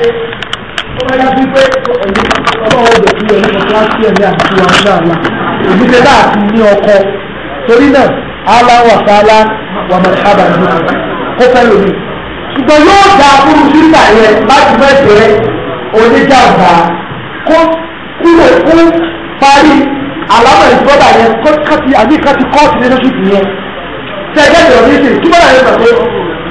ṣe ó bá yá sí pé ọlọ́run ọdọ̀ sí ẹni ọ̀tún àti ẹ̀mí àti wa ní àlá òbíṣẹ́ náà ti ní ọkọ torí náà ala wà sálá wà mà sábà ní kó fẹ́ lómi ṣùgbọ́n yóò da burú síta yẹn láti fẹ́ jẹ́ oníjàmbá kó kúrò kó parí àlámà ìgbọ́dà yẹn kó kàti àbí kàti kọ́ọ̀tù nínú ṣùgbọ́n yẹn tẹ́gẹ́dẹ̀ ọ̀dẹ́sẹ̀ túbọ̀ náà yẹn pàṣẹ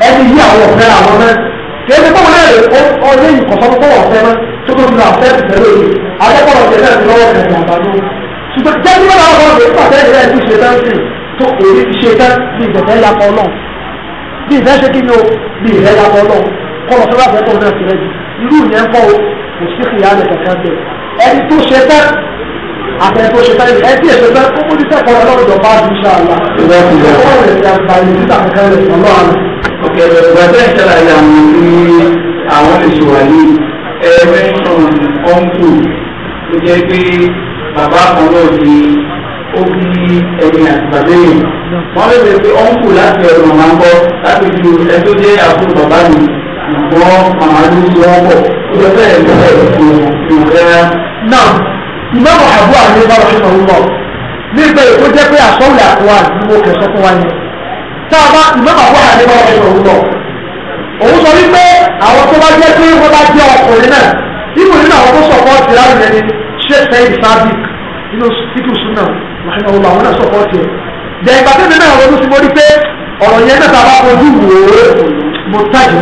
ẹni yí àwọn ọ̀fẹ́ àwọn mẹ́rin kéde kó wọlé rẹ ó ọdẹ yìí kọsán kó wọn fẹ́ mọ tó tó nà fẹ́ tẹ́lẹ̀ òye àjẹpọlọ tẹ́lẹ̀ ti lọ́wọ́ rẹ ní àgbàdo ṣùgbọ́n jẹbi wọn àwọn ọdẹ pàtẹ ìrẹ ti ṣe tán sí tó èyí ti ṣe tán bí ìgbọ̀fẹ́ yakọ náà bí ìfẹ́ ṣe kí ni o bí ìrẹ́ yakọ náà kọlọ tó bá fẹ́ tó náà ti rẹ jù irú yẹn kọ́ o kò sí kìyà rẹ kankan bẹ ẹni tó ṣe tán àtẹni tó ṣe tán ẹni tí èso tán kó kó ní sẹ́kọ̀ọ́ ọlọ́run jọba àdúgbò ṣáà ẹ̀rọ ìgbàdẹ́ ìṣẹ̀lẹ̀ àwọn tí àwọn ìṣòwò àyè ẹ̀ẹ́mẹ́sàn ọ̀ǹtò tó jẹ́ pé bàbá kan náà ni ó bí ẹni àtìgbàdé yìí wọ́n lè pè pé ọ̀ǹtò láti ẹ̀rọ màmá ń bọ́ láti ju ẹ tó jẹ́ àbúrò bàbá mi ìgbọ́n màmá ló ń wọ́n bọ̀ ó lọ bẹ́ẹ̀ bẹ́ẹ̀ kò kò rẹ́ra. náà ìmọ̀ àbúrò àti ìbára ṣe sábà ìmọ̀mọ̀ àwọn àdébọ̀ ọ̀rẹ́ òun lọ. òun sọ wípé àwọn tó bá jẹ́ pé wọ́n bá jẹ́ ọkùnrin náà ibùdó nínú àwọn tó sọ̀pọ̀tì láàrin ẹni ṣé sẹ́yìn sábì nínú títù súnà màṣẹ́ ọ̀la àwọn náà sọ̀pọ̀tì ẹ̀. jẹ́ ìgbà tẹ́lẹ̀ náà ronú sí mórí pé ọ̀rọ̀ yẹn náà tàbá ojú wò ó mo tàjù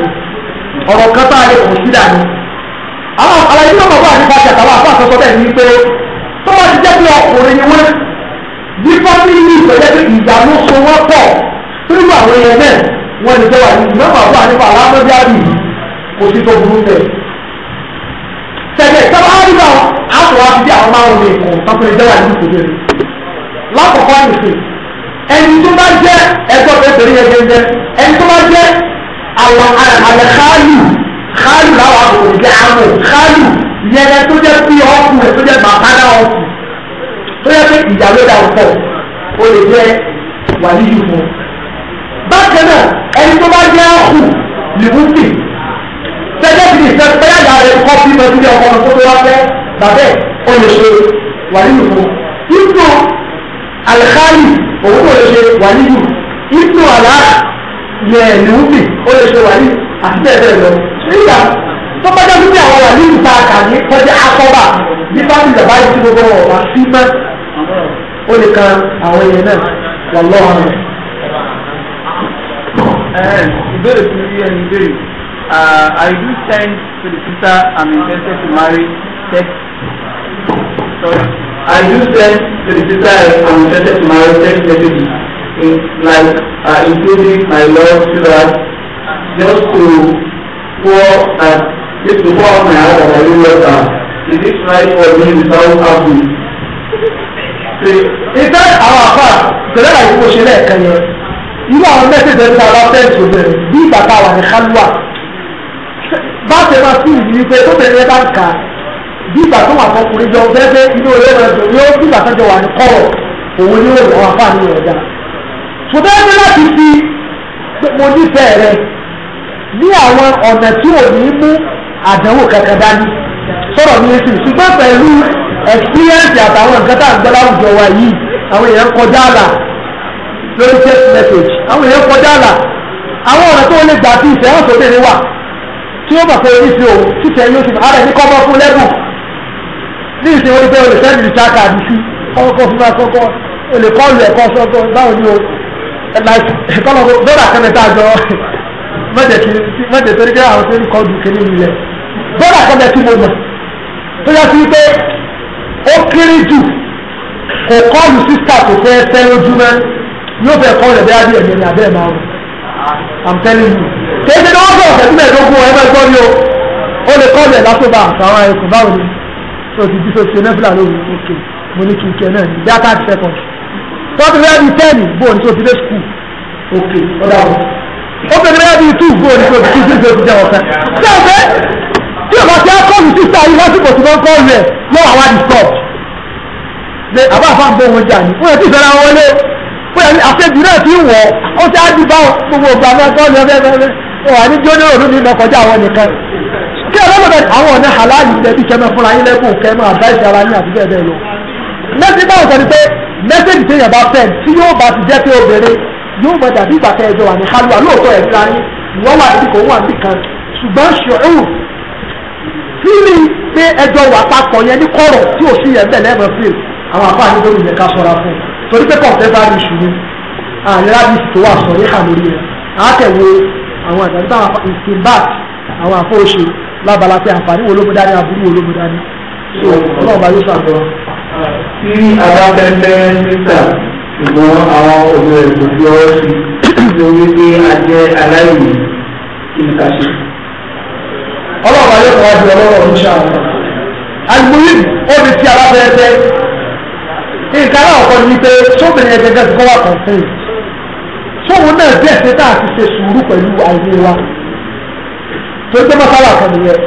ọ̀rọ̀ kan tá a lè kùn sí dàní. àwọn àlàyé náà bàbá àti bàtà àtàwọn àbá àtọ́sọ bẹ́ẹ̀ ni pé tó nínú àwọn èèyàn náà wọ́n ti tẹ́wà ní ìmọ̀ àbúrò ànípa alámọ́dé àbí kò sí tó burú bẹ́ẹ̀. Tẹ̀lé sábà nígbà àtọ̀wá ti dé àwọn márùn-ún ní ẹ̀kọ́ kápẹ́lẹ́ tẹ́wà ní ìkòjọ́ rẹ̀. Lákọ̀ọ́kọ́ àyùsè, ẹni tó bá jẹ́ ẹgbẹ́ pẹ̀lú yẹn jẹjẹ, ẹni tó bá jẹ́ àwọn àlẹ́ xaalu xaalu làwọn àbòkò jẹ́ àmọ̀ xaalu yẹn tó jẹ́ pí ọ̀kù rẹ̀ tó jẹ́ bàbáná ọ̀kù tó yẹ pé ìyàwó dà ọ̀pọ̀ o lè jẹ́ wàlíyù fún bákan náà ẹni tó bá jẹ́ ọ̀hù lìbùsì tẹ́lẹ̀ ti sẹ́ pẹ́yàdà rẹ̀ kọ́ bí mo ti jẹ́ ọkọ̀ tó tó wá fẹ́ bàbẹ́ ó lè ṣe wà nínú fún ipò alikali òun ó lè ṣe wà nínú ipò àlá yẹ lìbùsì ó lè ṣe wà nínú àti bẹ́ẹ̀ bẹ́ẹ̀ lọ nígbà tó bá jẹ́ wípé àwọn wà nínú ta àkàní kọjá akọ́bà ní bá ti dàbá yìí tí gbogbo wọn wà sí mọ́ ó lè kan àwọn èèyàn náà wà lọ́wọ́ rẹ̀. Eh, ìbéèrè tí yíyẹ ní ìbéèrè ah, I do send to the sister I'm interested to marry text sorry I do send to the sister I'm interested to marry text messages in like uh, including my love to her just to pour that just to pour out my heart that I really love her is it right for me without having. ṣe ìfẹ́ àwọn àfà ìṣẹ̀lẹ̀ àìkú ṣẹlẹ̀ kan yẹn irú àwọn mẹ́sẹ̀jẹ̀ tí a bá fẹ́ ìṣòro ẹ̀ bí ìgbà tá a wà ní kálúwà bá a ṣe máa sí ìdí wípé tó tẹ̀lé ẹ bá ń kà á bí ìgbà tó wà fọkùnrin jọ fẹ́fẹ́ inú rẹ̀ máa dùn yóò bí ìgbà tó jọ wà ní kọ́rọ̀ òun ni ó wà fáà ní ọ̀dà ṣùgbọ́n ẹgbẹ́ láti fi mo nífẹ̀ẹ́ rẹ ní àwọn ọ̀nà tí ò ní mú àdánwò kankan dání sọ̀rọ̀ mi sí ṣùgbọ́n pẹ̀lú experience àtàwọn nǹkan tá à ń gbọ́ láwùjọ wa yìí àwọn èèyàn kọjá àlà lórí text message àwọn èèyàn kọjá àlà àwọn ọ̀rẹ́ tó lè gbà sí ìfẹ́ hàn sóde ní wà tí ó bà pé orí fi òun títẹ̀ yóò ti ara ẹni kọ́ bọ́ fún lẹ́bùn ní ìsìn orí pé o lè sẹ́ni ìta kàdí sí ọkọ̀ fún máa kọ́kọ́ o lè kọ́ lu ẹ̀kọ́ sọ́kọ́ báwo ni o ẹ̀kọ́lọ́kọ́ lọ́dà kẹ́mẹ́ta jọ mẹ́jẹ̀ torí pé àwọn tó ń kọ́ ju kéde nílẹ̀ lọ́dà kẹ́mẹ́ tí mo mọ̀ tó yẹ sí pé ó kéré jù kò kọ́ lu sísà tó fẹ́ fẹ́ lójúmọ́ yóò fẹ́ kọ́ rẹ̀ bẹ́ẹ̀ díẹ̀ ní abẹ́ máa rùn i'm telling you kì í ṣe ní wọ́n sọ̀rọ̀ fẹ́ sílẹ̀ lógún ẹ bẹ́ẹ̀ gbọ́ ni o ó lè kọ́ rẹ̀ lásòbà àtàwọn ẹkùn báwo ni so ti díso ṣe nẹ́fìlà lóru ok mo ní kí n kẹ náà ní bí a thirty seconds tọ́tù bẹ́ẹ̀ bíi ten bó o ní so ti dé school ok ọ̀dà o ó fẹ́ bẹ́ẹ̀ bíi two bó o ní so ti dé so ti jẹ́ ọ̀fẹ́ ṣé ọ̀fẹ́ tí o bá ti akọ́lù sísá yìí lásìkò tí wọ́n kọ́ rẹ̀ lọ́wọ́ àwa disturb àbá àfa ń bọ̀ wọn jà ní wọ́n yẹ kí pé àṣejù náà ti wọ̀ ó ti á di bá gbogbo ògbà náà tó ní ọfẹ́ fẹ́ fẹ́ wà ní jóná òru ní lọ àwọn nìkan kí ọlọ́mọdé àwọn ọ̀nà àláàyè ilẹ̀ bí kẹmẹ fúnra yín lẹ́kùn kẹmẹ àbáyé ara ní àbúgbẹ́ bẹ́ẹ̀ lọ. mẹ́sì báwọn sọ ni pé mẹ́sẹ̀jì téèyàn bá fẹ́ tí yóò bá ti jẹ́ pé obìnrin yóò mọ dàbí ìgbà kẹjọ wà ní kálíwà lóòótọ́ ẹ̀ yín ìwọ́n wà níbi kò wà níbi ṣùgbọ́n torí pé kọ̀ọ̀fẹ́ bá rí iṣu ni àlera ah, bí tó wà sọ̀rí hà lórí rẹ̀ àátẹ̀wé àwọn àgbàdo ìsìnbáàt àwọn àfọwọ́ṣe lábala pé àǹfààní wo ló mú dání aburú wo ló mú dání. ọlọ́run bá yóò ṣàtọ́. tí adábẹ́ńbẹ́ níta ṣùgbọ́n àwọn òbí rẹ̀ kò fi ọwọ́ sí lórí pé a jẹ́ aláìní kí ni ká ṣe. ọlọ́run bá yóò fọwọ́ di ọlọ́run ní ṣáà. àgbóyè ó di ti alábẹ́ńbẹ́ nǹkan aláwọ̀kọ́ ni wípé sóbìnrin ẹgbẹ̀gbẹ̀ ti kọ́ wà kan fún un sóhun náà bí ẹ̀sẹ̀ tá a ti ṣe sùúrù pẹ̀lú àìní wa tó ń gbé mọ́sálà kan nìyẹn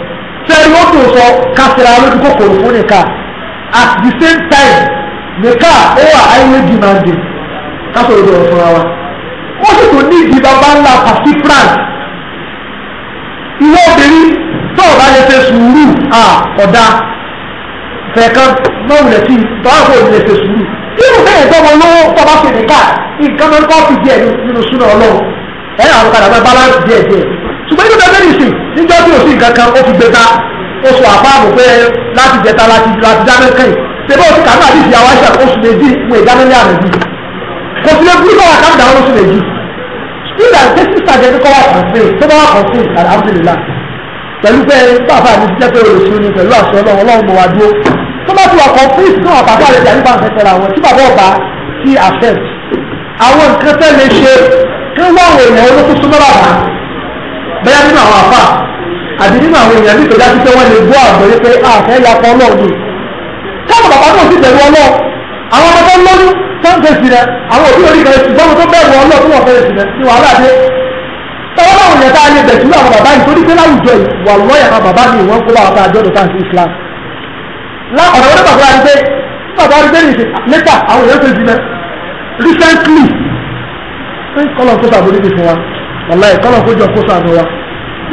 sẹ́ni ó dùn sọ kásìrà lójú kòkòrò fún nìkan at the same time nìkan ó wà highly demanding kásòrò ìdọ̀rọ̀ fúnra wa ó sì tún ní ìdí bàbá ńlá pàṣí france ìwọ obìnrin tó ọ̀bá yẹ fẹ́ sùúrù à ọ̀dà fẹ̀ẹ̀kan mọ́wùlẹ̀ sí tọ́wọ́ kò lè ṣe sùúrù tí mo fẹ́ẹ̀ tọ́mọ lówó tọ́ba ṣe nìka nǹkan mọ́ kọ́ fi díẹ̀ nínú súnà ọlọ́run ẹ̀ àwọn kadà máa balance díẹ̀ díẹ̀ ṣùgbọ́n inú bẹ́ẹ̀ nìsín níjọ́ tí o sí nǹkan kan ó fi gbé o ó sọ àpáàbò pé láti jẹta láti láti dáná kẹ́yìn ṣèbá òsì kàmú àdìsí àwọn àṣà oṣù méjì mo ìdáná ní àná yìí kò sí lè burúkú àwọn àkàndà àwọn oṣù méjì nígbà tí sísà jẹ́ kíkọ́ wà kọ̀ọ̀sìn tó bá wà kọ̀ọ̀sìn alhamdulillah pẹ̀lú pé bàbá mi ti jẹ́ pé olùsí ni pẹ̀lú àṣọ ọlọ́run ọlọ́run mo wá dúró tó bá ti náà bàbá rẹ̀ yàrá ìbámu fẹ́fẹ́ ra tí bàbá ọba ti affect àwọn nǹkan tẹ́ lè ṣe kí wọ́n àwọn èèyàn olókùn súnmọ́ bàbá bẹ́ẹ̀ nínú àwọn àfà àbí nínú àwọn èèyàn nítorí dájú pé wọ́n lè gbọ́ àgbọ̀ yìí pé àfẹ́ lakọ ọlọ́ọ̀dù táwọn bàbá náà sì bẹ̀rù ọlọ́ àwọn ọmọ tó tó ń fèsì rẹ àwọn òbí lákọ̀ọ́dọ̀ wọ́n bàbá arígbé bàbá arígbé nìṣe lẹ́tà àwọn èèyàn tó jìnà recently kọ́lọ̀ kó sàbò níbi fún wa wàláyé kọ́lọ̀ kó jọ kó sàbò wa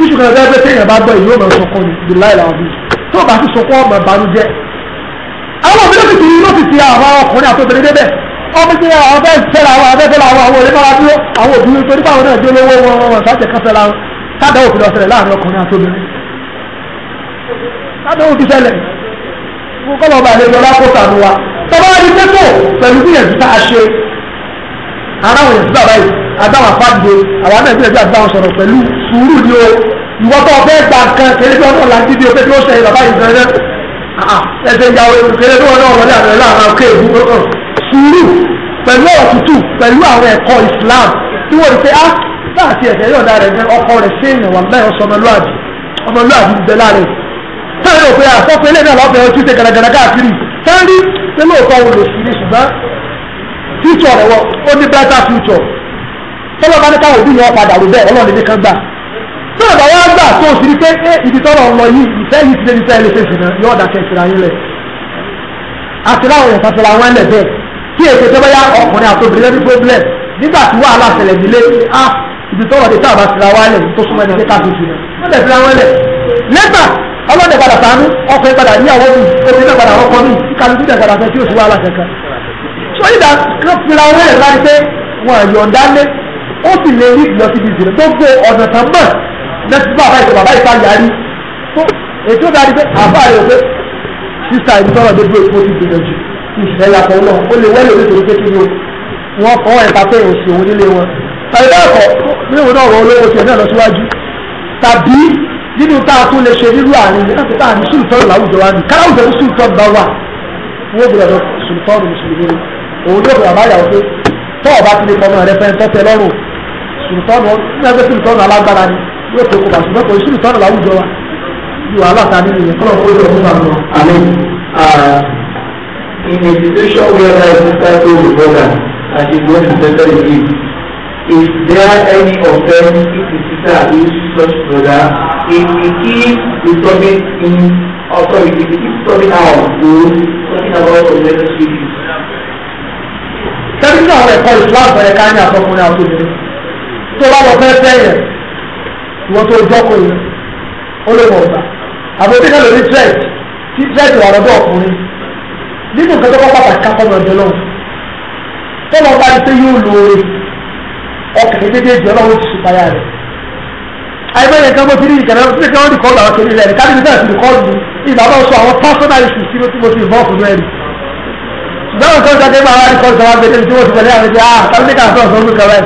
iṣu kan ẹgbẹ́ tí èèyàn bá gbọ́ èyí ó máa sọkọ́ ni the lie la bí tó o bá ti sọkọ́ ọmọ ìbànújẹ́ àwọn òbí lókìtì yìí lókìtì àwọn ọkùnrin àtòbìnrin débẹ̀ ọmọ tí àwọn fẹ́ fẹ́ra àwọn abẹ́fẹ́ra àwọn àwọn òrìkọ́ wa dúró àwọn òbí tó nípa àwọn náà dé lówó wọn wọn sáàtẹ̀ kan fẹ́ra wọn sáàdà òfin ọ̀sẹ̀rẹ̀ láàrin ọkùnrin àtòbìnrin sáàdà òfin ṣẹlẹ̀ kọ́lọ̀ ọba àlejò lákòókò àmú wa tọ́ba wá ní pẹ́tò pẹ̀lú gbìyànjú tá a ṣe aráwọ̀ yẹn síbà báyìí adáwọn afáàdìde àwọn náà gbìyànjú àdáwọn sọ̀rọ̀ pẹ̀lú sùúrù ni o ìwọ́ tó ọbẹ̀ gbà kan kéré bí ọdún ọ̀làǹdí di ọbẹ̀ tí ó ṣe bàbá yìí fẹ́rẹ́ ẹsẹ̀ ìyàwó kéré bí ọdún ọ̀làǹdí àbẹ̀rẹ̀ láàrin ọkẹ́ ìlú sùúrù pẹ̀lú ọ̀rọ̀ tútù pẹ̀lú àwọn ẹ̀kọ́ Islam tí wọ́n rí pé ah, á láti ẹ̀sẹ̀ yọ̀ọ̀dá rẹ̀ ọkọ rẹ̀ sí ìrìn wà láì ọ̀sọ̀ ọmọlúàbí ọmọlúàbí ń bẹ láàrin sáré òpè àsọ́pẹ́ ilé náà lọ́fẹ̀ẹ́ ojú ṣe gàràgàrà káàkiri sáré pé lóòótọ́ wo lò sí ní ṣùgbọ́n future rẹ̀ wọ ó ní better future tọ́lọ́ bá ní káwọn òbí yẹn padà rò bẹ́ẹ̀ ọlọ́run ní kan gbà tọ́lọ́ bá wá gbà tó o sì rí pé ibi tọ́lọ̀ ń lọ yìí ìfẹ́ yìí ti lé ní sẹ́yìn lẹ́sẹ̀ jìnnà yóò dà kẹ́sìrà yín lẹ̀ àti láwọn èèyàn tàbí àwọn ẹlẹ̀ bẹ́ẹ̀ kí èkó tẹ́ báyà ọkùnrin àti obìnrin lẹ́nu problem nígbà tí wàhálà ṣẹlẹ̀ nílé ah ibi tọ́lọ̀ dé tá a bá sira wálẹ̀ tó súnmọ́ ẹni ká fi jìnnà wọ́n lẹ̀ sira wálẹ̀ lẹ́gbàá ọlọ́dẹ padà sànú ọkùnrin padà níyàwó mi obìnrin náà padà ọkọ mi kálukú dẹ̀ padà fẹ́ tí oṣù wàhálà kankan. sọ yìí dà kán fira wọn ẹ̀ láti pé wọn àyọ̀ǹda lé ó sì lè rí lọ síbi ìsìlẹ̀ gbogbo ọ̀nà tán mọ̀ lẹ́sí bàbá ìṣẹ̀ bàbá ìṣẹ̀ yarí tó ètò dáadé pé àbá rẹ̀ pé sísá ìlú tọ́lọ̀ dé dúró ti gbìyànjú ìṣẹ̀ yàtọ̀ náà ó lè wẹ́lẹ̀ orí torí pé kí wọ́n kọ́ ẹ̀ta pé òṣì òun nílé wọn tàbí bẹ́ẹ̀ kọ́ níwọ̀n náà wọ́n olówó tiẹ̀ náà lọ síwájú tàbí nínú tá a tún lè ṣe nínú àárín yìí láti táà ní sùlùtọ́rù wa ní káláwùjọ ní sùlùtọ́rù bá wà wọ́n gbọ́dọ̀ lọ sùlùtọ́rù mùsùlùmí ni òun yóò gbọ́dọ̀ bá yàwó tọ́ ọba ti lè fọmọ rẹ fẹ́ tọ́tẹ lọ́rùn sùlùtọ́rù ẹgbẹ́ sùlùtọ́rù alágbára ni yóò tó kópa ṣùgbọ́n kò sùlùtọ́rù láwùjọ wa ju aláta nínú yẹn kọ́lọ́ kó lè fún àwọn àmì in a situation where I start to recover and she goes to center the Is there any offense if the sister is such brother if we submit in oh if we submit our goals, talking about the leadership. Sẹ́yìn náà rẹ̀ kọ́ ìṣúná àgbẹ̀rẹ̀ ká ní àtọkùnrin àtòbìnrin. Tó bá lọ fẹ́ fẹ́yẹ̀, ìwọ́n tó jọ́kọ̀ yẹn, ó lè mọ̀ ọ̀gbà. Àbí omi náà lórí threat, tí threat wà lọ́dọ̀ ọkùnrin. Nínú nǹkan tó kọ́ pàtàkì kápọ́nà ọ̀dọ́ lọ́wọ́. Tó lọ bá ti pé yóò lo ọkùnrin méjèèjì ọlọ́run ti ṣùpáyà rẹ̀ àìbẹ̀rẹ̀ nǹkan mo ti rí ìkẹ̀rẹ́ mo ti kẹ́ wọ́n rìkọ́ọ̀dù àwọn kiri lẹ́nu káàdì nígbà tí rìkọ́ọ̀dù mi ìgbà bá sọ àwọn personal issues tí mo ti mo ti bọ́ fún mẹ́rin ṣùgbọ́n nǹkan kan tẹ́lẹ̀ àwọn rìkọ́ọ̀dù sọ wá bẹ̀rẹ̀ tí mo ti bẹ̀rẹ̀ àwọn ẹ̀jẹ̀ ah tàbí ní káàtó ọ̀sán olùkọ́ rẹ̀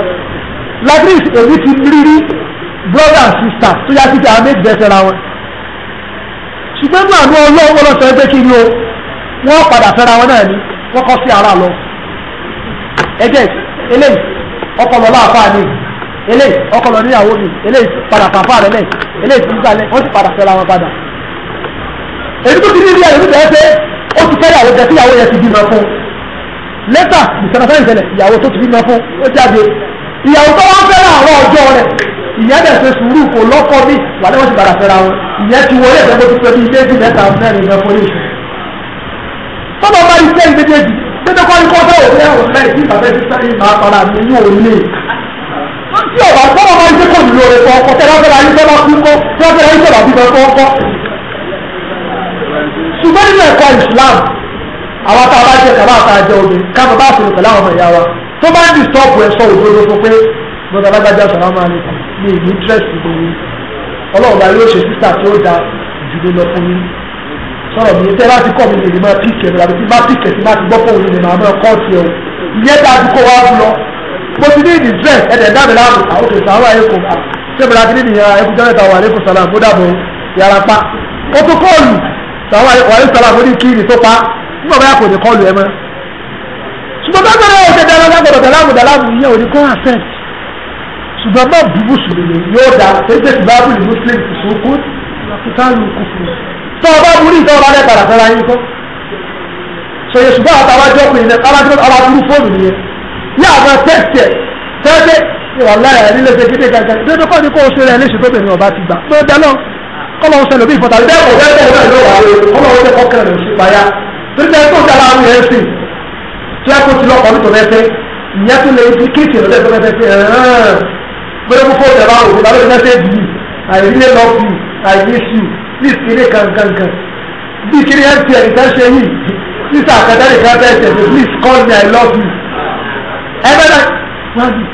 ladris èmi ti rírí brother and sister tó yá sí ti àwọn méjì bẹ́ẹ̀ fẹ́ra wọn ṣùgbọ́n ní àánú ọlọ́wọ́ lọ sọ ẹgbẹ́ kí ni o wọ́n padà fẹ́ra wọn náà ni wọ́n kọ́ sí ara lọ ẹgẹ́ eléyìí ọkọ̀ lọ́lá àfáà ni eléyìí ọkọ lọ níyàwó mi eléyìí padà fàfà rẹ lẹ eléyìí ti gbà lẹ wọ́n ti padà fẹ́ra wọn padà. èyí tó ti ní ilé ẹ̀rọ bẹ́ẹ̀ pé ó ti fẹ́ ìyàwó jẹ kí ìyàwó yẹn ti bímọ fún lẹ́tà ìsẹ̀nàfẹ́ ìṣẹ̀lẹ̀ ìyàwó tó ti bímọ fún ó jáde ìyàwó tó wá fẹ́ra àwọn ọjọ́ rẹ̀ ìyẹn dẹ̀ ṣe sùúrù kò lọ́kọ́ bí wà ní wọ́n ti padà fẹ́ra wọn ìyẹn ti wọlé ẹ̀fẹ́ bó ti pẹ́ bí ilé bí mẹ́ta mẹ́rin ní ọkọ̀ yìí. tọ́lọ̀ bá iṣẹ́ ìgbéjèèjì dédé kọ́ ikọ́ bẹ́ẹ̀ òfin ẹ̀rọ mẹ́rin tí tí ọ̀bà gbọ́dọ̀ máa ń jẹ́ kò nílò rẹ̀ fọ́ọ̀kọ́ tẹ́ lábẹ́ra yín tọ́lá kú kọ́ lábẹ́ra yín tọ́lá bíbẹ̀ fọ́ọ̀kọ́. ṣùgbọ́n nínú ẹ̀kọ́ Islam àwa tá a bá jẹ kàbá àtà jẹ omi káfọ bá fi pẹ̀lú àwọn ọmọ ìyá wa tó bá ń di sọ́ọ̀pù ẹ̀ sọ òdodo fún pé bọ́dà lágbájá sọ̀rọ̀ máa ní ní ìní tírẹ̀sì gbòòrò ọlọ́run bá yóò ṣe sísà tí ó da ìdílé lọ fún yín sọ̀rọ̀ mi tẹ́ láti kọ́ mi lè máa píkẹ̀ lọ́la bí má píkẹ̀ sí má ti gbọ́ fún òun lè máa máa kọ́ tiẹ̀ o ìyẹn tá a ti kó wa lọ mo ti ní ìdí stress ẹ̀dẹ̀ dáàbò láàbò àwọn òṣèlú àwọn àyẹ̀kọ́ ṣébìlà ti ní ìdíyàn ẹkùjọ́ mẹ́ta wà lẹ́kùn sàlá mo dàbò yàrá pa ó tún kọ́ọ̀lù sàwọn àyẹ̀kọ́ sàlá mo ní kí ni tó pa nígbà báyà kò ní kọ́ọ̀lù ẹ mọ́ ṣùgbọ́n bá bẹ̀rẹ̀ ọ̀sẹ̀ dára lágbọ̀dọ̀ dàlámù dàlámù yẹn ò ní kó àfẹ́ ṣùgbọ́n má bí mùsùlùmí yóò dá ṣẹ́jẹ́ ti bá bùnú muslim ìṣòkú àfikàlù kùfù tó o bá burú ìtọ́ ọba lẹ́gbàrà fẹ́ra yín kọ́ ṣòye ṣùgbọ́n àtàwájọ́ pé ilẹ̀ alájọ́ aláburú fóònù nìyẹn ní àwọn tẹ́tẹ̀ tẹ́tẹ̀ wàláyà nílé ṣe kéde gàgàgà dédé kọ́ ni kó o ṣe rẹ̀ léṣe tó bẹ̀rẹ̀ ọba ti gbà pé ó dá lọ kọ́lọ́ ṣe lóbi ìfọ̀tà rẹ̀. bẹ́ẹ̀ kò bẹ́ẹ̀ bẹ́ẹ̀ bẹ́ẹ̀ lọ́wọ́ àwọn ọmọ ọmọdé kọ́kẹ́ rẹ̀ ṣe payá torí pé tó dára àwọn yẹn sìn tí a kò ti lọ́kọ̀ ní tòmẹ́fẹ́ ìyẹn tó lè di kéèkì lọ́dẹ̀ tòmẹ́fẹ́ ṣe ẹ̀ẹ́n gbẹ́rẹ́ fúnfọ́ ìjọba òkú bá lóde mẹ́fẹ́ bì í àìrílé lọ fi àìyéṣu ní ìsinmi kankankan bí kiri mtn ìtẹ́ṣe yìí sísà àkàtà ìkàtà ẹ̀ṣẹ̀ please call me i love you ẹgbẹ́dá wájú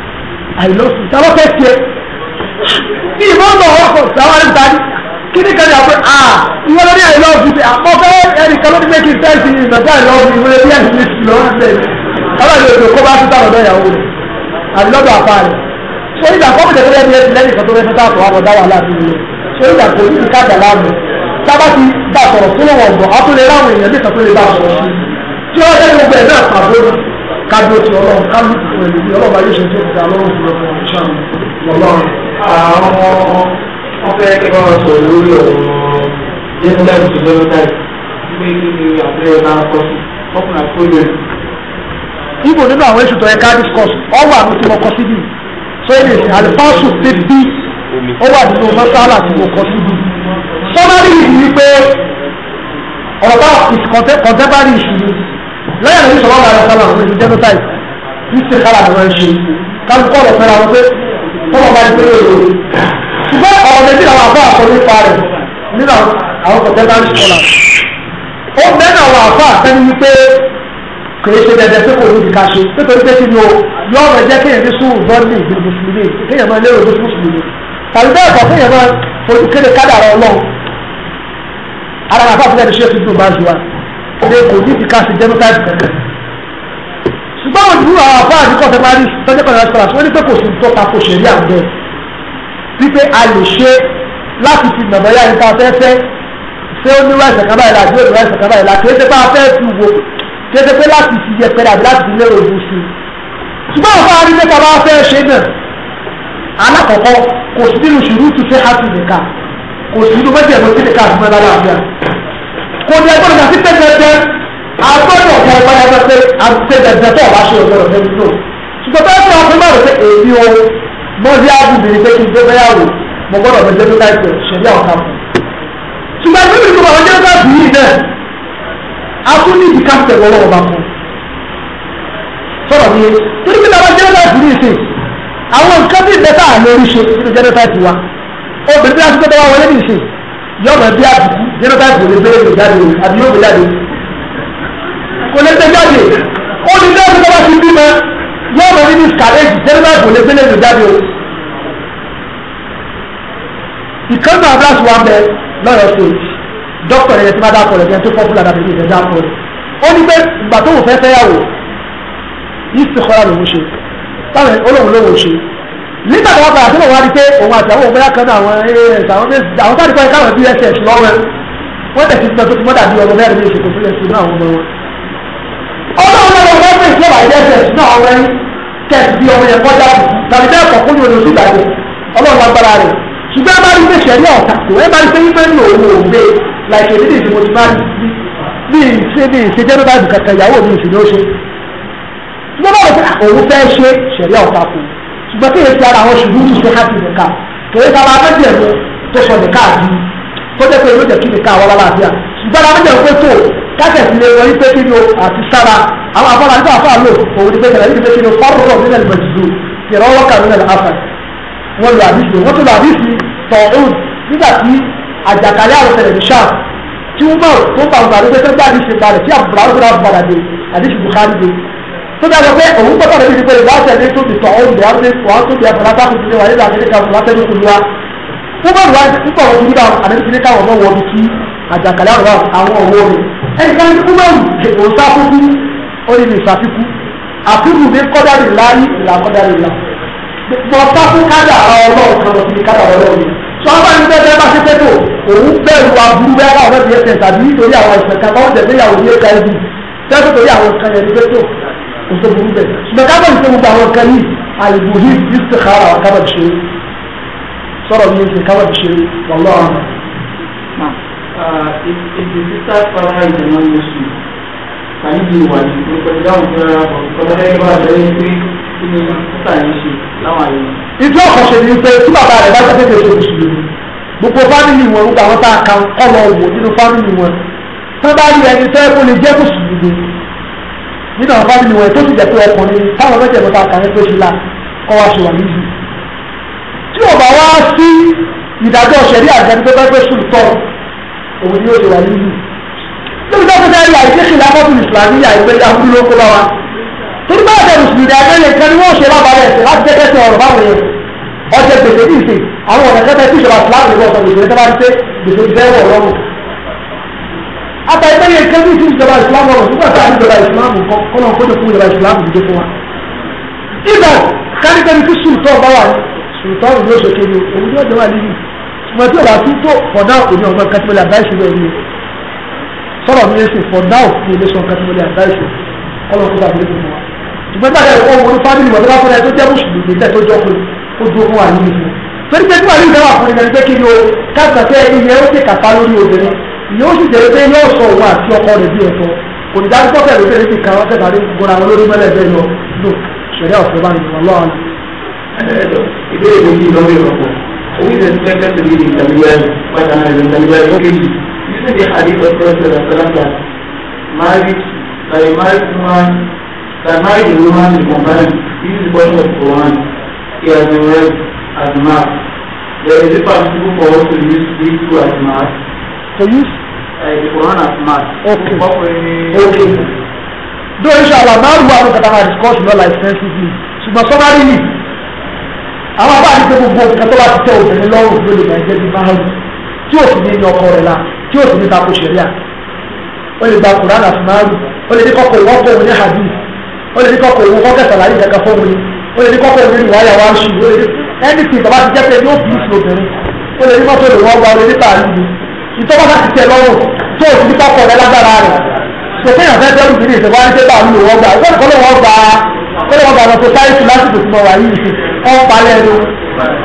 àìlọ́sù táwọn fẹ́ tiẹ̀ ní ìbọn náà wọ́n kọ̀ sáwọn ẹni tani kí ni kan àpẹ à ìwọ lórí àìlọ́sù ti àpọ̀fẹ́ ẹni kan lórí méjì tẹ́sí ìgbàgbá àìlọ́sù ìwé bí ẹni ní ìṣúná ọ̀sẹ̀ ọlọ́run èdè kó bá títà lọ́dọ̀ ìyàwó rẹ̀ àìlọ́dọ̀ àpá rẹ̀ ṣé ìgbà kọ́mù tẹ̀lé ẹni ẹni lẹ́yìn kan tó rẹ́ sọ́tà àtọ̀wá bọ̀dá wà láti ilé wọn bọ̀ á tó lè ráwọn èèyàn ní i tí wọ́n jẹ́ kájọ́ ti ọlọ́run kájú ti fún ẹlòmí ọlọ́run ayé ṣe ń tẹ̀sí alọ́run fún ọkọ̀ ìṣàn ọlọ́run. àwọn wọn fẹ́ kí wọ́n sọ lórí ọ̀rọ̀ gender stereotype pé kí ni àbẹ́rẹ́ náà kọ́ sí ọkùnrin àti olóyè. ibo nínú àwọn èsì tó yẹ ká discuss ọwọ́ àmì tí mo kọ síbi so it is alifasu fifty ó wà nínú masala tí mo kọ síbi sọmárì yìí ni pé ọ̀rọ̀ bá contemporary issue lẹ́yìn àti sọ̀rọ̀ àlọ́ sọ́nà àwọn oṣù jẹ́nọ́tàì ní ti kára ni wọ́n ń ṣe kálukọ́ ọ̀rọ̀ fẹ́ra wọn pé tọ́wọ́ bá ti péré òru ṣùgbọ́n ọ̀rọ̀ méjì làwọn àfọ àkọ nípa rẹ̀ nínú àwọn contemporary scholars ó mẹ́rin àwọn àfọ àtẹ́ni wípé kìí ṣe dẹdẹ pé kò níbi ká ṣe nítorí pé kí ni o yọ ọ̀rọ̀ jẹ́ kéèyàn ní sùúrù bọ́ọ̀lì ìlú mùsùlùmí kéèyàn máa lérò ní mùsùlùmí tàbí bẹ́ẹ̀ bọ̀ kéèyàn máa fojú kéde kádàrá ọlọ́run ara àfọ àti ẹni ṣe ti dùn máa ju wa pé kò ní ti ká ṣe genotype kankan ṣùgbọ́n àwọn ìlú àwọn àbá àdìkọ́ sẹ́márì sọ́jọ́ kan láti wọ́n ní pé kò sí tó ta kò ṣe rí àwùjọ wípé a lè ṣe láti fi nàbọ̀ yá nípa afẹ́fẹ́ ṣé ó ní wáìsàn kan báyìí láti ó ní wáìsàn kan báyìí láti kéde pé afẹ́ fi wo kéde pé láti fi yẹ pẹ́rẹ́ àbí láti fi lérò ojú sí i ṣùgbọ́n àwọn àrí mẹ́ta bá fẹ́ ṣe náà alákọ̀ọ́kọ́ kò sí nínú ṣùrù tù fẹ́ hàtù nìkan kò sí nínú mẹ́jẹ̀ẹ́mọ́sí nìkan àti mọ́lá láàbíà kò ní ẹgbẹ́ nígbà tí pé dandan agbọ́dọ̀ ọ̀gá ẹgbẹ́ ẹgbẹ́ pé àti dandan tó ọ̀bá ṣe ọ̀gbọ́dọ̀ fẹ́ nílò ṣùgbọ́n bẹ́ẹ̀ ni ọ̀gbìn máa rò pé èyí o mọ́bí ábùbìrì pé kí n gbé bẹ́yàwó mo gbọ́dọ̀ fi jẹ́ láìpẹ́ ṣẹ̀lí àwọn kan fún ṣùgbọ́n ẹgbẹ́ mi kò bàbá jẹ́ bá bìí náà a tún ní ìdíkà tẹ̀lé ọlọ́wọ́ bá fún sọ̀rọ̀ mi torí pé bàbá jẹ́ bá bìí sí àwọn nǹkan bí ìbẹ́ta àlórí ṣe nínú jẹ́ yọ̀bọ̀ bí àbùkù nínú báyìí kò lè fẹ́ lè jáde o àbí yóò fi jáde kò lè fẹ́ jáde ó ní bẹ́ẹ̀ nígbà tí bí ma yọ̀bọ̀ nínú kàlẹ́jì nínú báyìí kò lè fẹ́ lè jáde o. ìkànnì abúlásù wa bẹ lọ́yọ̀ sí dókítà rẹ̀ ti máa dáa kọ̀ọ̀lẹ̀ tó fọ́ fúlàdà bíi ìfẹ́ dáa kọ̀ọ̀lẹ̀ ó ní pé ìgbà tó wù fẹ́ fẹ́yàwó yìí ti kọ́ra lòun ṣe táwọn olóhùn lòun ṣe nígbà tó wọ́n padà tó wọ́n wá di pé òun àti àwọn òmìnira kan náà àwọn as eh, àwọn àwọn sáà nípa ìkáwọn dss lọ́wọ́ wọ́n tẹ̀sí ti tó ti mọ́dà bí ọmọ mẹ́rin ní ìṣèkò sílẹ̀ sí inú àwọn ọmọ wọn. ọlọ́run náà wọ́n fẹ́ ìṣe wàá dss náà ọmọ ẹni kẹ́ẹ̀sì bí ọmọ yẹn kọ́ dáàbò tàbí bẹ́ẹ̀ kọ́ fún yòlò sígbàdé ọlọ́run lágbára rẹ̀ ṣùgbọ́n ẹ bá rí pé ṣẹ̀rí ọ̀tà kò ẹ bá rí pé wípé ń lò ó wò gbé láìpẹ́ nídìí ìdìbò ti máa ní ìṣe bí ìṣe jẹ́ báyìí kankan ìyàwó mi ìṣe ni ó ṣe. ṣùgbọ́n báwo ni òun fẹ́ ṣùgbọ́n tí èyí ara àwọn ṣùgbọ́n tó ṣe hàtì nìka kèrè ká bá mẹ́jẹ̀ mú tó sọ nìka àbí tó jẹ́ pé èyí jẹ́ kí nìka àwọn aláàbíà ṣùgbọ́n àwọn mẹ́jẹ̀ pé tó kákẹ́sì lè wọlé pé kí ni àti sára àwọn afọ́nà nígbà afọ́ àlò òun ni pé kẹ̀lẹ́ nígbà kí ni fọ́rọ̀ nínú nígbà tí àjàkálẹ̀ àrùn tẹlifíṣàn tí wọ́n wọn àdìsí àdìsí balẹ̀ tí àbùrà tó dájọ́ pé òun gbọ́dọ̀ lè fi pé ìwádìí ẹni tó ti tọ̀ ọ́ ìdè àti wàá tó di àbúrò látàkùn sílé wa nígbà àdéhìká ọ̀sán láti ẹni kúlúwa fún bọ́ọ̀lù wa nípa ọ̀rọ̀ ìdílé àwọn àdéhìká ìdílé káwọn ọmọ wọbi kí àjàkálẹ̀ àrùn àwọn owó rẹ̀ ẹni ká ní kúmọ̀rù kò sáfúkú ó ní ìsàfikú àfikún ní kọ́dárì láyé ìlà kọ́dárì lá mọ sáfún kádà ọlọ́run kan lọ sí kádà ọlọ́run yìí sọ wọn bá ní bẹ́ẹ̀ bá ṣe tẹ́tò òun bẹ̀rù aburú bẹ́ẹ̀ bá ọ̀rẹ́ bíi ẹsẹ̀ tàbí nítorí àwọn ìṣẹ̀kan bá ń ní hiv tẹ́tò torí àwọn ìṣẹ̀kan yẹn ní tẹ́tò tó burú bẹ̀ ṣùgbọ́n ká bẹ̀rẹ̀ sí gbogbo àwọn kan ní àlùbùhí istikhara wa kábàdì ṣe sọ̀rọ̀ mi ṣe kábàdì ṣe wallahu a'lam. if the sister father is a non-Muslim can you be wise to consider whether ọ̀kọ̀lọ́dẹ́ yóò wá lẹ́yìn pé kí ni sísá yìí ṣe láwọn àyè. ìjọ ọ̀kọ̀ṣe ni pé tí bàbá rẹ̀ bá ṣe tètè ṣe mùsùlùmí gbogbo fámìlì wọn gbogbo àwọn tá a kan kọ́ lọ wò nínú fámìlì wọn tí wọ́n bá rí ẹni tẹ́ kó lè jẹ́ mùsùlùmí nínú àwọn fábìlì wọn tó sì jẹ́ pé ọkùnrin táwọn ọlọ́jẹ̀ mọ́ta kàrin tó ṣe la kọ́ wá ṣe wà níbi. tí ò bá wá sí ìdájọ́ ṣẹ̀rí àjẹni tó bá gbé sùn tọ́ òun ni ó ṣe wà níbi. níbi tó fẹ́ rí àìsíkì lápọ́tù ìsìlámì àìpé àbúrú ló kó bá wa. torí bá àjẹ mùsùlùmí àgbẹ̀lẹ̀ kan ni wọ́n ṣe lábàárẹ̀ ẹ̀sẹ̀ láti jẹ́ kẹ́sẹ̀ ọ̀rọ̀ báwọn yẹn ọjọ́ gbèsè ní ìsìn àwọn ọ̀nà kẹ́tẹ́ tí ìṣọ̀rọ̀ àtìláàmù ìwọ̀n ọ̀sán gbèsè tó bá ń ṣe gbèsè ìfẹ́ wọ̀ lọ́rùn àtàgbẹ́yẹ kẹ́lú sí ìjọba ìsìlámù ọ̀rọ̀ nígbà tá a ní ìjọba ìsìlámù kọ́ kọ́nà kọ́jọ fún ìjọba ìsìlámù dìde fún wa. ibà káríkẹ́ni tí sùrùtọ́ bá wà sùrùtọ́ ọ̀rọ̀ ló ṣètò ní òun yóò jẹ́ wà níbi ṣùgbọ́n tí ọ̀rọ̀ àtúntò fọ̀dá òní ọ̀gbọ́n kátìmọ́lẹ̀ àbáyṣe bẹ́ẹ̀ ni sọ̀rọ̀ mi ṣe fọ̀dá òní ilé sọ̀rọ̀ kátìmọ́lẹ̀ àbáyṣe kọ́nà kọ́jọ àbúlé fún wa. ṣùgbọ́n báyìí ọ̀rọ̀ wọn fábílì wọn bá fúnra ẹ tó jẹ́ fún wa nínú o káàkiri ìyẹn ó yóò sì jẹ́ pé yóò sọ òun àti ọkọ rẹ̀ bí ẹ̀tọ́ kò ní dájú pọ́kẹ́ ló fẹ́rẹ́ ti kà wọ́n fẹ́ta gbọ́ra wọn lórí mẹ́lẹ̀ bẹ́ẹ̀ lọ lò ṣẹ̀rẹ́ ọ̀fẹ́ bá nìyẹn wọn lọ́wọ́. ìbéèrè mi ti lọ́wọ́ ìrọ̀pọ̀ owó ìrẹsì pẹ́pẹ́ tó lè ìtàlùwẹ̀ pàtàkì ìtàlùwẹ̀ lókèjì yíṣẹ́ ti àdé pẹ́pẹ́ tó lè sọ̀rọ̀ So use Okay. Okay. Though inshallah, máa ń lu àwọn kàtàkà discuss lọ́la extensively. Ṣùgbọ́n sọ́márì ni àwọn bá ní pé gbogbo nǹkan tó bá ti tẹ obìnrin lọ́rùn ló lè máa jẹ́ bí báyìí tí ò sì ní ní ọkọ rẹ̀ la tí ò sì ní tako ṣẹ̀ríà. Ó lè gba Kùránà fún máa rù. Ó lè ní kọ́kọ́ ìwọ́ kọ́ òun ní Hadith. Ó lè ní kọ́kọ́ ìwọ́ kọ́kẹ́ sàlàyé ìjẹ́ka fún mi. Ó lè ní kọ́kọ́ ìwọ́ ìwáyà wá ń ṣù. Ó lè ní anything bàbá ti jẹ́ pé yóò bí ìṣòro obìnrin. Ó lè ní mọ́tò ìwọ́ wa ó lè ní ìtọ́wọ́ bá ti tẹ lọ́rùn tó o ti di pápọ̀ rẹ lágbára rẹ̀ sọfẹ́ yàn fẹ́ẹ́ tẹ́lú ìdílé ìṣẹ̀wá ní sẹ́bà ní òwò gbà wọ́n kọ́ lọ́wọ́ gbà wọ́n lọ́wọ́ gbà lọ́sọ táìsì lásìkò tí mo wà yìí sí ọ́n palẹ̀ ẹnu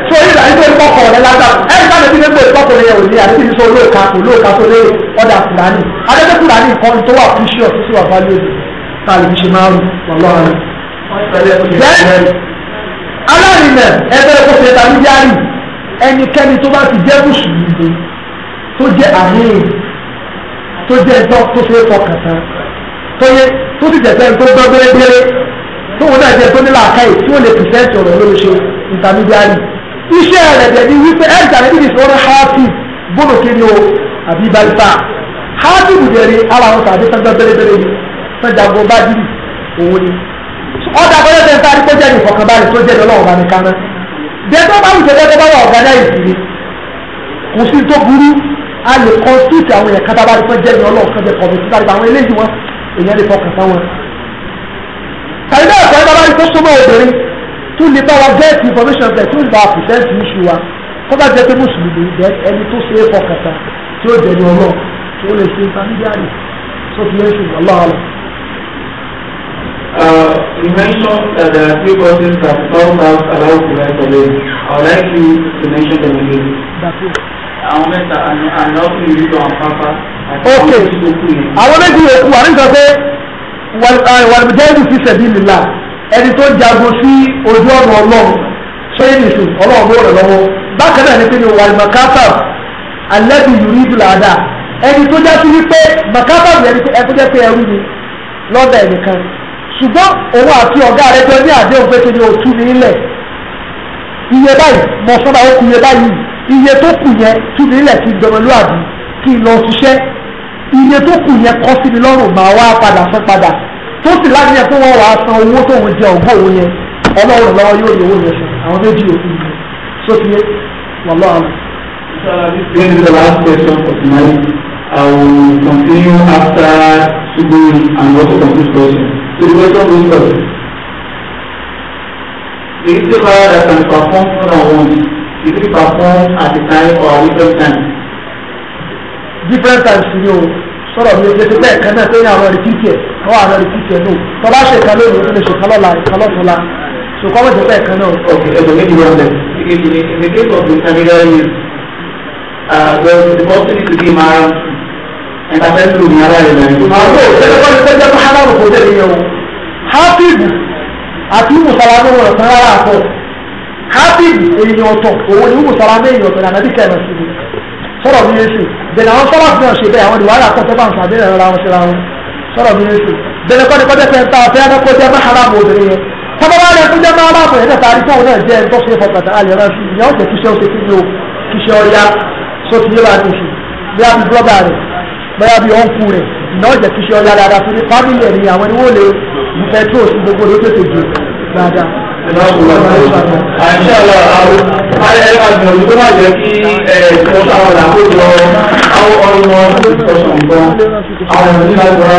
tó yìí láyé tó ń pọ̀kọ̀ rẹ lágbára ẹni táwọn ẹbí nígbà ìpọ̀kọ̀ rẹ yẹn ò ní àti ìṣó olóòka kò olóòka tó lé ọ̀dà kùránì adẹ́gbẹ́ kùránì kan tó wà fún ṣíọ̀ tó sì wà fún alẹ́ tàbí ṣe máa ń wọlọ́run. alárinà ẹgbẹ́ kó ṣe tàbí yárì ẹnikẹ́ni tó bá ti jẹ́ mùsùlùmí tó jẹ́ àhín tó jẹ́ ẹjọ́ tó ṣe é fọkàn tán tó yẹ tó sì jẹ́sẹ́ tó gbọ́ gbérégbéré tó wọn náà jẹ́ tó nílò àkáyè tí wọ́n lè pèsèǹtì ọ̀rọ̀ ló ṣe intermediary iṣẹ́ rẹ̀ dẹ̀ ni wípé ẹ̀ǹtà rẹ̀ níbi ìṣòro hafi bónú kiri o àbí balùbá hafi bùjẹ̀rẹ̀ ara wọn tàbí sọ́jọ́ gbérégbéré ni sọ́jà gbọ́ bá dìbì òun ni ọ̀dà àkọ́jọ́ tẹ̀ ń sáré tó jẹ́ ìfọ̀kànbalẹ̀ tó jẹ́ ìdọ́lọ́wọ́ bá mi kaná dẹ́gbẹ́ bá wùjẹ́ dẹ́gbẹ́ bá wà ọ̀gá náà ìsìn kò sí tó burú a lè kọ́ síìtì àwọn èèyàn kátà bá rí fún jẹ́ni ọlọ́run kan jẹ́ kọ̀mìtì tàbí àwọn eléyìí wọn èèyàn lè fọkàn sá wọn. tàbí bẹ́ẹ̀ fẹ́ bá bá rí fún súnmọ́ obìnrin tó lè bá wa get information bẹ̀ tó lè bá wa present issue wa kó bá jẹ́ pé mùsùlùmí jẹ́ ẹni tó ṣe é fọkàn sá tí ó jẹ́ni ọlọ́run tí ó lè ṣe intermediary so fi yẹn ṣùgbọ́n lọ́wọ́ Uh, you mentioned that there are three persons that some allow to rent alone. I would like you to mention them again àwọn mẹ́ta àná àwọn pápá. ok àwọn méjì yòókù wà nígbà pé wàlùbùjẹ́rì ah, fi sabilillah ẹni tó jagun sí ojú ọ̀nà ọlọ́run sẹ́yìn nìṣù ọlọ́run ló rẹ̀ lọ́wọ́ bákan náà ni pé ni wàlùmọ̀káfà alẹ́bí yìí dùn àdá ẹni tó já sí wípé mọ̀káfà mi ẹni tó jẹ́ pé ẹrú ni lọ́dà ẹnìkan ṣùgbọ́n òun àti ọ̀gá rẹ̀ jọ ní àdéhùn pé kí ni òtún ní ilẹ̀ iye báyìí mọ̀ sọ́dà ó kú iye báyìí iye tó kù yẹn tún nílẹ̀ kí gbọmọlúwàbí kí n lọ ṣiṣẹ́ iye tó kù yẹn kọ́ sí mi lọ́rùn máa wá padà san padà tó sì láti yẹ fún wọn wàá san owó tóun jẹ ògbó òun yẹn ọlọ́run lọ́wọ́ yóò yẹ owó yẹn fún àwọn méjì òkú yẹn sókè wàlọ́ àmì. This is the last question for tonight. I will continue after Subhi and also complete question. So the question goes first. The istighfar that can perform more than once Is it performed at the time or a different time? Different times ni o sọ̀rọ̀ mi ò lè ṣe bẹ́ẹ̀ kan náà sẹ́yìn àwọn rìpítì ẹ̀ àwọn àwọn rìpítì ẹ̀ náà tọ́ bá ṣe ìkan lónìí ó lè ṣe ìkan lọ́la ìkan lọ́tún la ṣùkọ́ mọ̀ jẹ́ bẹ́ẹ̀ kan náà. Ok ẹ̀sùn méjì wọn lẹ̀ in the case of the sanitary use uh, well the person need to be mara ah, ẹ̀ńtàfẹ́ńtì ní ara rẹ̀ lẹ́yìn. àwọn òṣèlú kan ní sẹ́jọ́ fún aláwọ̀ kò dé ìyẹn o. happy àti mùsàlámù wọn kan rárá àtọ̀ kábìlì èèyàn ọ̀tọ̀ òun ni wùsàrà ní èèyàn ọ̀tọ̀ nàbí kẹrin sí i sọ̀rọ̀ mi yéṣu bẹ̀rẹ̀ àwọn sọ́lá fi hàn ṣe bẹ́ẹ̀ àwọn ìwádìí àkọ́tọ́ bá ń sàdé ẹ̀rọ ara wọn ṣe ra wọn sọ̀rọ̀ mi yéṣu bẹ̀rẹ̀ kọ́ni kọ́jẹ́ fẹ́ ta ọ̀fẹ́ ẹ̀rọ kọjá má haram obìnrin yẹn tọ́bọ́bá rẹ̀ kọjá má haram obìnrin yẹn tàbí tóun náà jẹ́ ẹ̀ńtọ́ sí fọkàtà alẹ́ rẹ̀ sí ìyá ọ̀sẹ̀ kíṣẹ́ ọ̀sẹ̀ kí ni o kíṣẹ́ ọ̀yá sọ ti yé bá ti ṣe bóyá bí bọ́dà rẹ̀ bóyá bí ọ̀nkù rẹ̀ náà jẹ́ kíṣẹ́ ọ̀yá dáadáa fún mi fámìlì ẹ̀ ni àwọn ẹni wọ́n lè ìfẹ́ tó o sì gbogbo ló tètè dùn dáadáa àti àwọn àwọn ayẹyẹ àgbọ̀n tó bá jẹ́ kí ẹ̀ẹ́dẹ́gbọ́n àwọn àkójọ àwọn ọ̀rọ̀ ìtọ́sọ̀ nǹkan àwọn ìdílé àgbọ̀n.